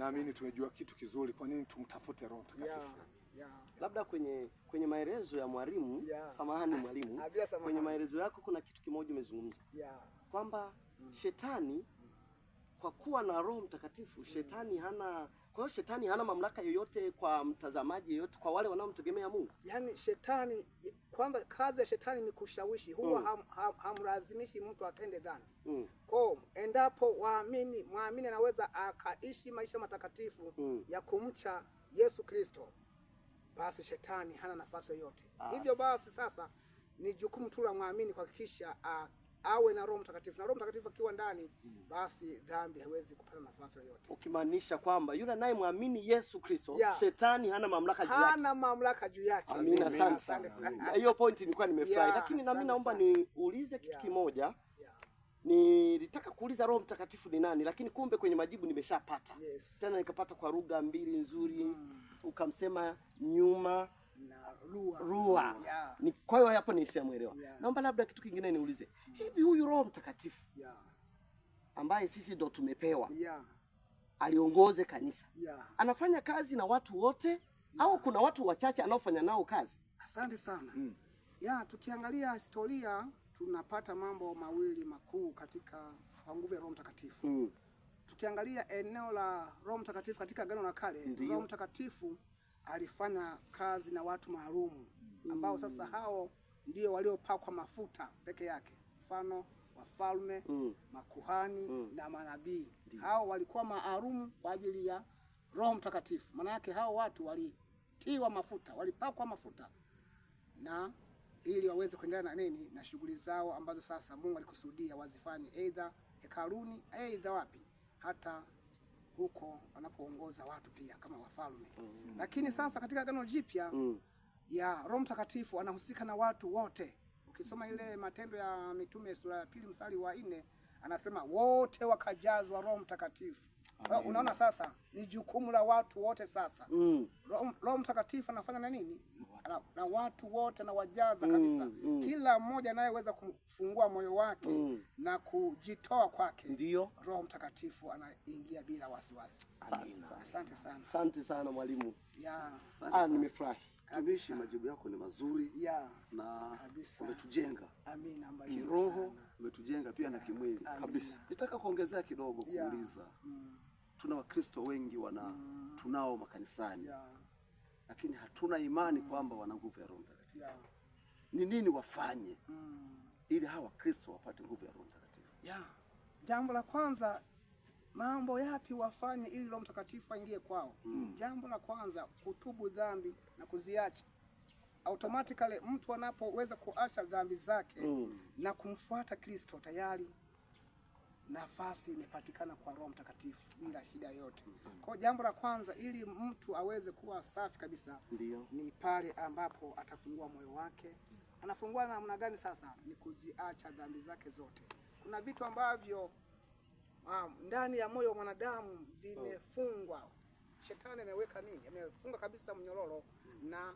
naamini tumejua kitu kizuri, kwa nini tumtafute Roho Mtakatifu? Yeah. Labda kwenye kwenye maelezo ya mwalimu yeah. Samahani mwalimu, kwenye maelezo yako kuna kitu kimoja umezungumza yeah. kwamba mm. shetani kwa kuwa na Roho Mtakatifu mm. shetani hana kwa hiyo shetani hana mamlaka yoyote kwa mtazamaji yoyote, kwa wale wanaomtegemea Mungu. Yaani shetani kwanza kazi ya shetani ni kushawishi, huwa mm. ham, ham, hamlazimishi mtu atende dhambi mm. Kwa endapo waamini mwamini anaweza akaishi maisha matakatifu mm. ya kumcha Yesu Kristo, basi shetani hana nafasi yoyote. Ah. Hivyo basi sasa ni jukumu tu la mwamini kuhakikisha ah, awe na Roho Mtakatifu, na Roho Mtakatifu akiwa ndani, mm. basi dhambi haiwezi kupata nafasi yoyote, ukimaanisha kwamba yule anayemwamini Yesu Kristo yeah. Shetani hana mamlaka juu yake, hana mamlaka juu yake. Amina, asante sana. Hiyo point nilikuwa nimefurahi yeah, lakini nami naomba niulize kitu yeah. kimoja nilitaka kuuliza Roho Mtakatifu ni nani, lakini kumbe kwenye majibu nimeshapata yes. Tena nikapata kwa lugha mbili nzuri mm. Ukamsema nyuma Rua. Ni kwa hiyo hapo nishamwelewa. Naomba labda kitu kingine niulize. Mm. Hivi huyu Roho Mtakatifu yeah. ambaye sisi ndo tumepewa yeah. aliongoze kanisa yeah. anafanya kazi na watu wote yeah. au kuna watu wachache anaofanya nao kazi? Asante sana. Mm. Ya, tukiangalia historia tunapata mambo mawili makuu katika kwa nguvu ya Roho Mtakatifu. Mm. Tukiangalia eneo la Roho Mtakatifu katika Agano la Kale, Roho Mtakatifu alifanya kazi na watu maalumu ambao mm. sasa hao ndio waliopakwa mafuta peke yake, mfano wafalme mm. makuhani mm. na manabii. Hao walikuwa maalumu kwa ajili ya Roho Mtakatifu. Maana yake hao watu walitiwa mafuta, walipakwa mafuta na ili waweze kuendelea na nini na shughuli zao ambazo sasa Mungu alikusudia wazifanye, aidha hekaluni, aidha wapi hata huko wanapoongoza watu pia kama wafalme mm. Lakini sasa katika Agano Jipya mm. ya Roho Mtakatifu anahusika na watu wote. Ukisoma ile Matendo ya Mitume sura ya pili mstari wa nne anasema wote wakajazwa Roho Mtakatifu. Unaona sasa ni jukumu la watu wote sasa mm. Roho Mtakatifu anafanya na nini? na, na watu wote na wajaza mm, kabisa mm, mm. Kila mmoja anayeweza kufungua moyo wake mm. na kujitoa kwake, ndio Roho Mtakatifu anaingia bila wasiwasi. Asante sana, asante sana mwalimu. Ah, nimefurahi tumishi, majibu yako ni mazuri ya, na umetujenga kiroho, umetujenga pia na kimwili kabisa. Nitaka kuongezea kidogo kuuliza, mm. tuna Wakristo wengi wana mm. tunao makanisani ya lakini hatuna imani kwamba wana nguvu ya Roho Mtakatifu Ni nini wafanye mm. ili hawa Kristo wapate nguvu ya Roho Mtakatifu Jambo la kwanza, mambo yapi wafanye ili Roho Mtakatifu aingie kwao? mm. Jambo la kwanza, kutubu dhambi na kuziacha automatically. Mtu anapoweza kuacha dhambi zake mm. na kumfuata Kristo tayari nafasi imepatikana kwa Roho Mtakatifu bila shida yote Kwa jambo la kwanza, ili mtu aweze kuwa safi kabisa Ndiyo. ni pale ambapo atafungua moyo wake. Anafungua namna gani? Sasa ni kuziacha dhambi zake zote. Kuna vitu ambavyo um, ndani ya moyo wa mwanadamu vimefungwa, shetani ameweka nini, amefunga kabisa mnyororo na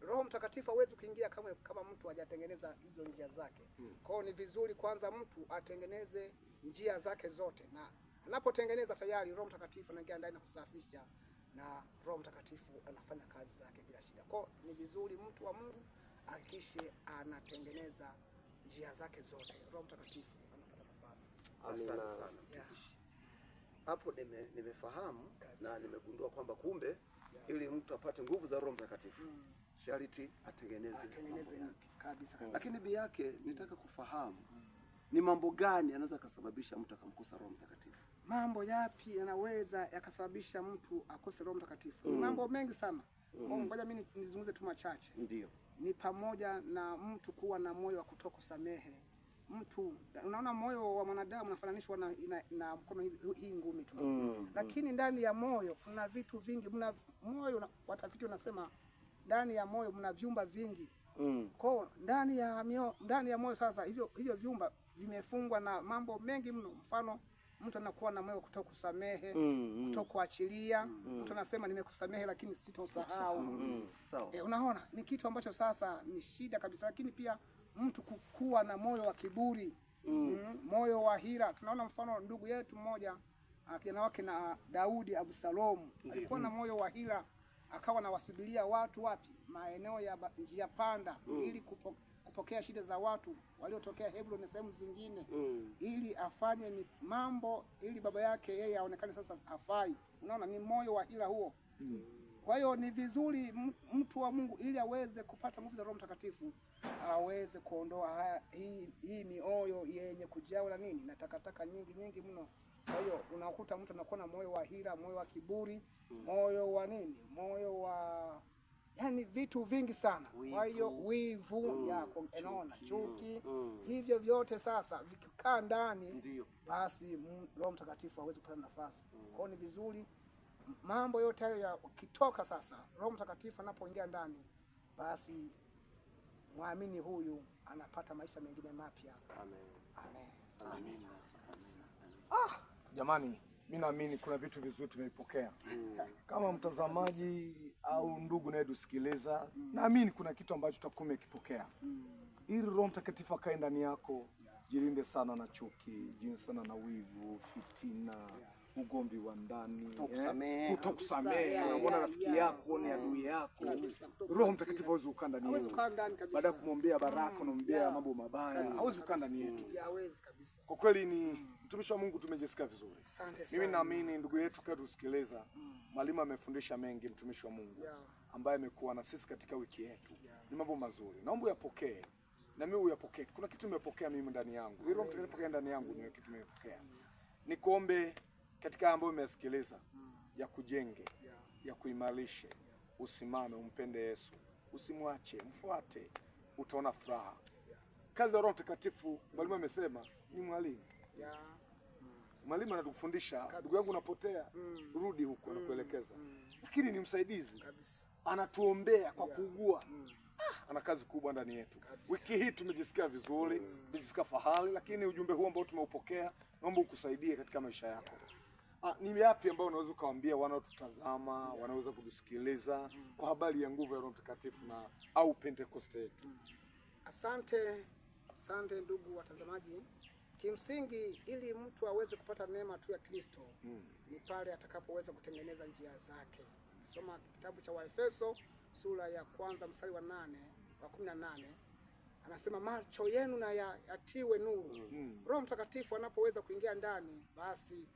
Roho Mtakatifu hawezi kuingia kama, kama mtu hajatengeneza hizo njia zake hmm. Kwao ni vizuri kwanza mtu atengeneze njia zake zote, na anapotengeneza tayari Roho Mtakatifu anaingia ndani na kusafisha, na Roho Mtakatifu anafanya kazi zake bila shida. Kwa ni vizuri mtu wa Mungu hakikishe anatengeneza njia zake zote, Roho Mtakatifu anapata nafasi. Asante sana Hapo nime, nimefahamu na nimegundua kwamba kumbe yeah, ili mtu apate nguvu za Roho Mtakatifu mm, shariti atengeneze atengeneze kabisa, kabisa. Lakini bi yake mm. nitaka kufahamu mm ni mambo gani yanaweza yakasababisha mtu akamkosa Roho Mtakatifu? Mambo yapi yanaweza yakasababisha mtu akose Roho Mtakatifu? Mm. Ni mambo mengi sana. Mm. Ngoja mimi nizungumze tu machache. Ndio. Ni pamoja na mtu kuwa na moyo wa kutokusamehe. Mtu unaona, moyo wa mwanadamu unafananishwa na, na, na mkono hii ngumi tu. Mm, mm. Lakini ndani ya moyo kuna vitu vingi, mna moyo watafiti wanasema ndani ya moyo mna vyumba vingi Mm. Kwa ndani ya mio, ndani ya moyo sasa hivyo hivyo vyumba vimefungwa na mambo mengi mno. Mfano mtu anakuwa na moyo kutokusamehe, mm, mm. kutokuachilia. Mm, mm. Mtu anasema nimekusamehe lakini sitosahau. Mm. mm. Sawa. E, unaona ni kitu ambacho sasa ni shida kabisa, lakini pia mtu kukua na moyo wa kiburi, mm. Mm, moyo wa hila. Tunaona mfano ndugu yetu mmoja kijana wake na Daudi Absalomu alikuwa mm na moyo wa hila akawa nawasubiria watu wapi? Maeneo ya njia panda mm. ili kupo, kupokea shida za watu waliotokea Hebron na sehemu zingine mm. ili afanye mambo ili baba yake yeye aonekane sasa afai. Unaona, ni moyo wa ila huo mm. Kwa hiyo ni vizuri mtu wa Mungu ili aweze kupata nguvu za Roho Mtakatifu aweze kuondoa hii, hii mioyo yenye kujawa na nini na takataka nyingi nyingi mno. Kwa hiyo unakuta mtu anakuwa na moyo wa hila, moyo wa kiburi, moyo wa nini, moyo wa yani vitu vingi sana. Kwa hiyo wivu, mm, yako unaona, chuki, mm, hivyo vyote sasa vikikaa ndani, basi Roho Mtakatifu hawezi kupata nafasi. Mm. Kwa hiyo ni vizuri mambo yote hayo yakitoka, sasa Roho Mtakatifu anapoingia ndani, basi mwamini huyu anapata maisha mengine mapya. Amen. Amen. Amen. Amen. Amen. Ah! Jamani, mi naamini kuna vitu vizuri tumevipokea kama mtazamaji au ndugu naye tusikiliza, naamini kuna kitu ambacho utakuwa umekipokea, ili Roho Mtakatifu akae ndani yako. Jilinde sana na chuki, jilinde sana na wivu, fitina ugombi wa ndani, eh? kutokusamehe, unamwona rafiki yako ni adui mm. yako. Roho Mtakatifu hawezi kukaa ndani yetu. Baada ya kumwombea baraka, mm, unamwombea mambo mabaya, hawezi kukaa ndani yetu. Kwa kweli ni mtumishi wa Mungu, tumejisikia vizuri. Mimi naamini ndugu yetu katusikiliza, mm. mwalimu amefundisha mengi, mtumishi wa Mungu ambaye amekuwa na sisi katika wiki yetu, ni mambo mazuri, naomba uyapokee na mimi uyapokee. Kuna kitu nimepokea mimi ndani yangu, Roho Mtakatifu ndani yangu, ni kitu nimepokea. Nikuombe katika ambayo umesikiliza ya kujenge ya kuimarishe Usimame umpende Yesu, usimwache, mfuate, utaona furaha Kazi ya Roho Mtakatifu mwalimu amesema ni mwalimu Mwalimu anatufundisha ndugu yangu, unapotea mm. rudi huko, anakuelekeza mm. lakini ni msaidizi kabisa. Anatuombea kwa yeah. kuugua mm. ah, ana kazi kubwa ndani yetu kabisa. Wiki hii tumejisikia vizuri mm. tumejisikia fahari, lakini ujumbe huu ambao tumeupokea naomba ukusaidie katika maisha yako yeah. Ah, ni yapi ambayo unaweza ukawaambia wanaotutazama yeah. wanaweza kutusikiliza mm. kwa habari ya nguvu ya Roho Mtakatifu na au Pentekoste yetu mm. Asante, asante ndugu watazamaji. Kimsingi, ili mtu aweze kupata neema tu ya Kristo mm. ni pale atakapoweza kutengeneza njia zake. Soma kitabu cha Waefeso sura ya kwanza mstari wa nane wa kumi na nane anasema macho yenu na yatiwe nuru mm. Roho Mtakatifu anapoweza kuingia ndani basi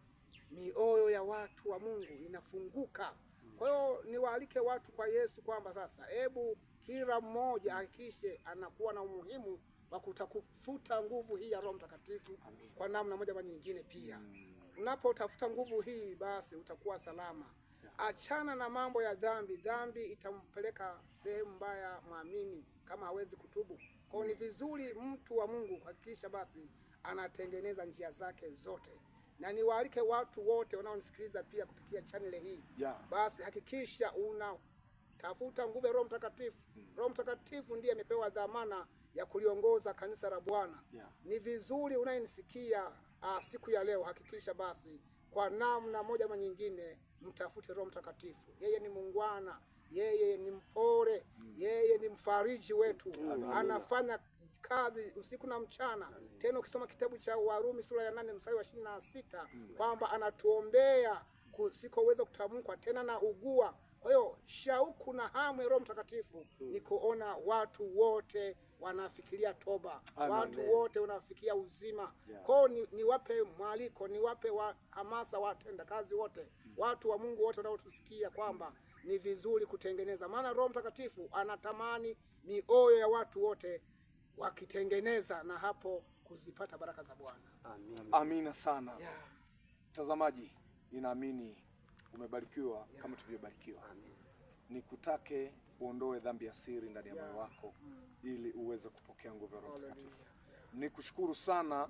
mioyo ya watu wa Mungu inafunguka. Kwa hiyo niwaalike watu kwa Yesu kwamba sasa, hebu kila mmoja hakikishe anakuwa na umuhimu wa kutafuta nguvu hii ya Roho Mtakatifu kwa namna moja ama nyingine. Pia unapotafuta nguvu hii, basi utakuwa salama. Achana na mambo ya dhambi. Dhambi itampeleka sehemu mbaya mwamini kama hawezi kutubu. Kwa hiyo ni vizuri mtu wa Mungu kuhakikisha basi anatengeneza njia zake zote na niwaalike watu wote wanaonisikiliza pia kupitia chaneli hii yeah. Basi hakikisha unatafuta nguvu ya Roho Mtakatifu mm. Roho Mtakatifu ndiye amepewa dhamana ya kuliongoza kanisa la Bwana yeah. Ni vizuri unayenisikia ah, siku ya leo, hakikisha basi kwa namna moja ama nyingine mtafute Roho Mtakatifu. Yeye ni muungwana, yeye ni mpore, hmm. yeye ni mfariji wetu, anafanya kazi usiku na mchana tena ukisoma kitabu cha Warumi sura ya nane mstari wa ishirini na sita kwamba anatuombea kusikoweza kutamkwa, tena na ugua. Kwa hiyo shauku na hamu ya Roho Mtakatifu ni kuona watu wote wanafikiria toba Amen. Watu wote wanafikia uzima yeah. Kwao ni, wape mwaliko niwape wa hamasa watendakazi wote Watu wa Mungu wote wanaotusikia kwamba ni vizuri kutengeneza, maana Roho Mtakatifu anatamani mioyo ya watu wote wakitengeneza, na hapo kuzipata baraka za Bwana. Amina. Amina sana mtazamaji, yeah. Ninaamini umebarikiwa yeah. kama tulivyobarikiwa. Nikutake uondoe dhambi ya siri ndani ya moyo wako mm. ili uweze kupokea nguvu ya Roho Mtakatifu. Nikushukuru sana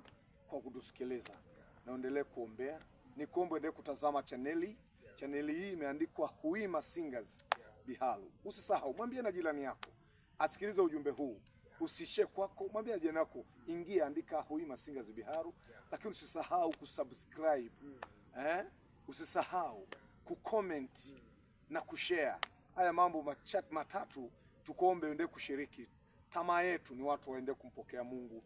kwa kutusikiliza yeah. Naendelee kuombea nikuombe endelee kutazama chaneli yeah. Chaneli hii imeandikwa Huima Singers yeah. Biharu. Usisahau mwambie na jirani yako asikilize ujumbe huu usishe kwako, mwambie jirani yako, ingia andika Huyi Masinga Zubiharu, lakini usisahau kusubscribe mm. eh? usisahau kucomment mm. na kushare haya mambo machat matatu, tukuombe uende kushiriki. Tamaa yetu ni watu waende kumpokea Mungu